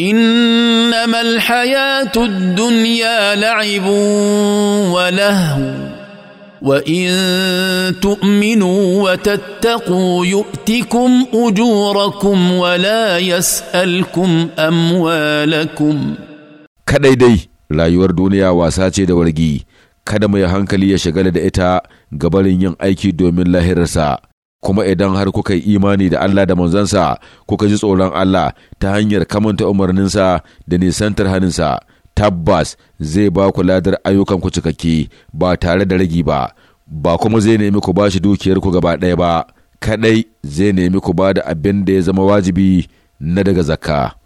انما الحياه الدنيا لعب ولهو وان تؤمنوا وتتقوا يؤتكم اجوركم ولا يسالكم اموالكم kadai dai rayuwar duniya wasa ce da wargi kada mai hankali ya shagala da ita gabarin yin aiki domin lahirarsa kuma idan har kuka yi imani da Allah da manzansa kuka ji tsoron Allah ta hanyar kamanta umarninsa da nisantar haninsa tabbas zai ba ku ladar ku cikakke ba tare da ragi ba ba kuma zai nemi ku bashi dukiyar ku gaba ɗaya ba kadai zai nemi ku ba da abin da ya zama wajibi na daga zakka